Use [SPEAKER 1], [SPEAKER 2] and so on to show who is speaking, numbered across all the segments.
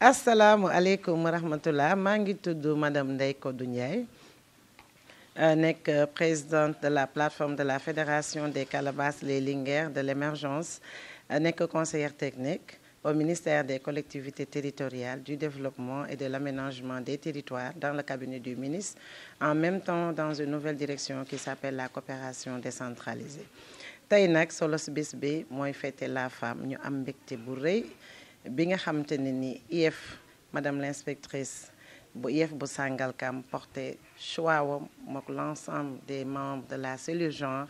[SPEAKER 1] asalaamualeykum wa rahmatullah maa ngi tudd madame Ndeye Codou Ndiaye euh, nekk présidente de la plateforme de la fédération des calebasses les Linguères de l'émergence euh, nekk conseillère technique au ministère des collectivités territoriales du développement et de l'aménagement des territoires dans le cabinet du ministre en même temps dans une nouvelle direction qui s'appelle la coopération décentralisée tey nag solos bis bi mooy fête la femme ñu am mbégte bu rëy bi nga xamante ne ni IEF madame l'inspectrice bu IEF bu Sangalkam porté choix wam mook l'ensemble des membres de la cellule genre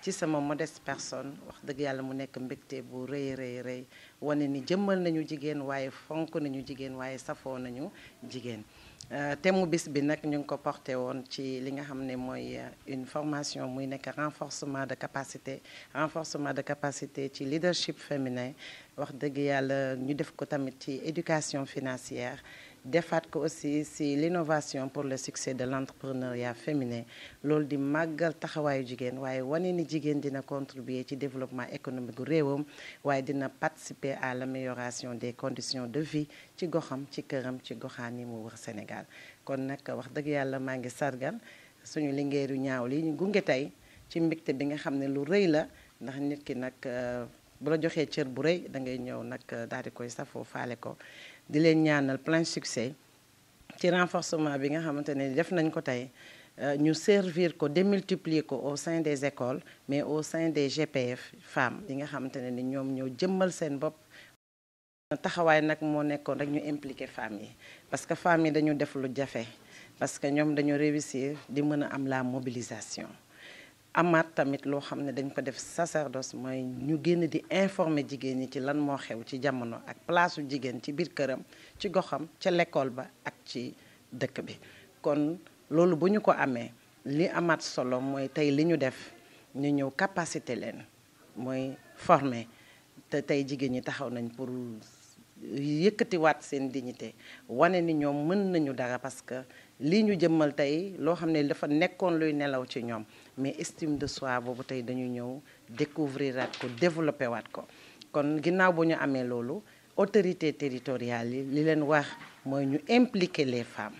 [SPEAKER 1] ci sama modeste personne wax dëgg yàlla mu nekk mbégte bu rëy rëy rëy wane ni jëmmal nañu jigéen waaye fonk nañu jigéen waaye safoo nañu jigéen Euh, thème mu bis bi nag ñu ngi ko porté woon ci li nga xam ne mooy euh, une formation muy nekk renforcement de capacité renforcement de capacité ci leadership féminin wax dëgg yàlla ñu def ko tamit ci éducation financière defaat ko aussi si l'innovation pour le succès de l'entrepreneuriat féminin loolu di màggal taxawaayu jigéen waaye wane ni jigéen dina contribuer ci développement économique gu réewam waaye dina participer à l'amélioration des conditions de vie ci goxam ci këram ci goxaan yi mu wër Sénégal kon nag wax dëgg yàlla maa ngi sargal suñu lingeeru ñaaw li ñu gunge tey ci mbégte bi nga xam ne lu rëy la ndax nit ki nag euh, bu la joxee cër bu rëy da ngay ñëw nag euh, daal di koy safoo ko di leen ñaanal plein succès ci renforcement bi nga xamante ne def nañ ko tey euh, ñu servir ko démultiplier ko au sein des écoles mais au sein des GPF femmes yi nga xamante ne ni ñoom ñoo jëmmal seen bopp taxawaay nag moo nekkoon rek ñu impliqué femmes yi parce que femmes yi dañu def lu jafe parce que ñoom dañu réussir di mën a am la mobilisation amaat tamit loo xam ne dañ ko def sacerdoce mooy ñu génn di informer jigéen ñi ci lan moo xew ci jamono ak placeu jigéen ci biir këram ci goxam ca lekkool ba ak ci dëkk bi kon loolu bu ñu ko amee li amaat solo mooy tey li ñu def ñu ñëw capacité leen mooy former te tey jigéen ñi taxaw nañ pour yëkkatiwaat seen dignité wane ni ñoom mën nañu dara parce que lii ñu jëmmal tey loo xam ne dafa nekkoon luy nelaw ci ñoom mais estime de soi boobu tey dañu ñëw découvriraat ko développé waat ko kon ginnaaw bu ñu amee loolu autorité territoriale yi li leen wax mooy ñu impliquer les femmes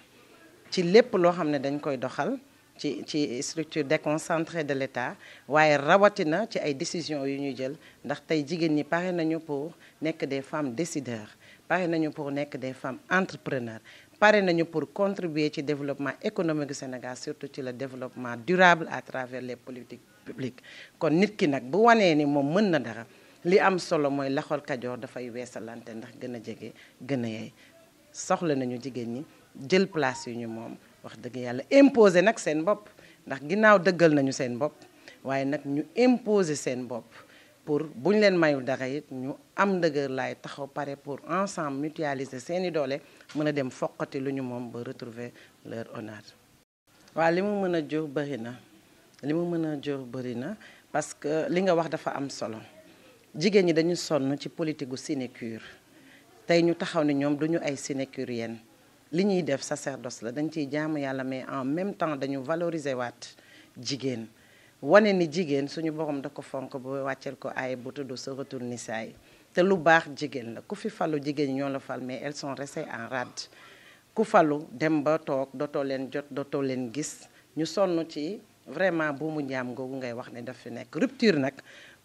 [SPEAKER 1] ci lépp loo xam ne dañ koy doxal ci ci structure déconcentrée de l'État waaye rawatina ci ay décisions yu ñuy jël ndax tey jigéen ñi pare nañu pour nekk des femmes décideurs pare nañu pour nekk des femmes entrepreneurs pare nañu pour contribuer ci développement économique du Sénégal surtout ci la développement durable à travers les politiques publiques kon nit ki nag bu wanee ni moom mën na dara li am solo mooy Laxol Kajoor dafay weesalante ndax gën a jege gën a yey soxla nañu jigéen ñi jël place yu ñu moom wax dëgg yàlla imposer nag seen bopp ndax ginnaaw dëggal nañu seen bopp waaye nag ñu imposer seen bopp pour bu ñu leen mayul dara it ñu am dëgër laay taxaw pare pour ensemble mutualiser seeni doole mën a dem foqati lu ñu moom ba retrouver leur honneur. waa li mu mën a jur bëri na li mu mën a jur bëri na parce que li nga wax dafa am solo jigéen ñi dañu sonn ci politique gu sinécure tey ñu taxaw ni ñoom duñu ay sinécurienne li ñuy def sacerdoce la dañ ciy jaamu yàlla mais en même temps dañu valoriser waat jigéen wane ni jigéen suñu borom da ko fonk ba wàcceel ko ay bu tudd suratul nisaay te lu baax jigéen la ku fi falu jigéen ñoo la fal mais elles sont restées en rade ku falu dem ba toog dootoo leen jot dootoo leen gis ñu sonn ci vraiment bu mu njaam googu ngay wax ne daf fi nekk rupture nag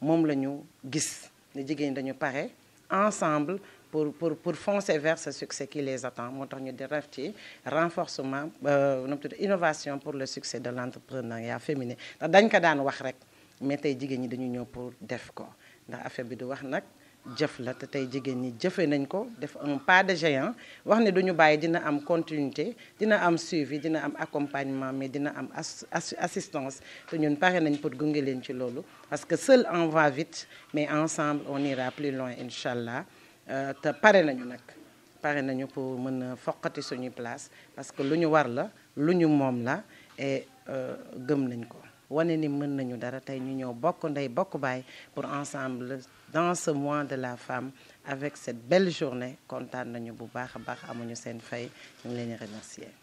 [SPEAKER 1] moom la ñu gis ne jigéen dañu pare ensemble pour pour pour foncer vers ce succès qui les attend moo tax ñu di def ci renforcement euh, nu mu tudd innovation pour le succès de l'entrepreneuriat féminin ndax dañ ko daan wax rek mais tey jigéen ñi dañu ñëw pour def ko ndax affaire bi du wax nag jëf la te tey jigéen ñi jëfee nañ ko def un pas de géant wax ne duñu bàyyi dina am continuité dina am suivi dina am accompagnement mais dina am assistance te ñun pare nañ pour gunge leen ci loolu parce que seul on va vite mais ensemble on ira plus loin incha allah Euh, te pare nañu nag pare nañu pour mën a foqati suñu place parce que lu ñu war la lu ñu moom la e gëm nañ ko wane ni mën nañu dara tey ñu ñëw bokk ndey bokk baay pour ensemble dans ce mois de la femme avec cette belle journée kontaan nañu bu baax a baax amuñu seen fay ñu leen remercier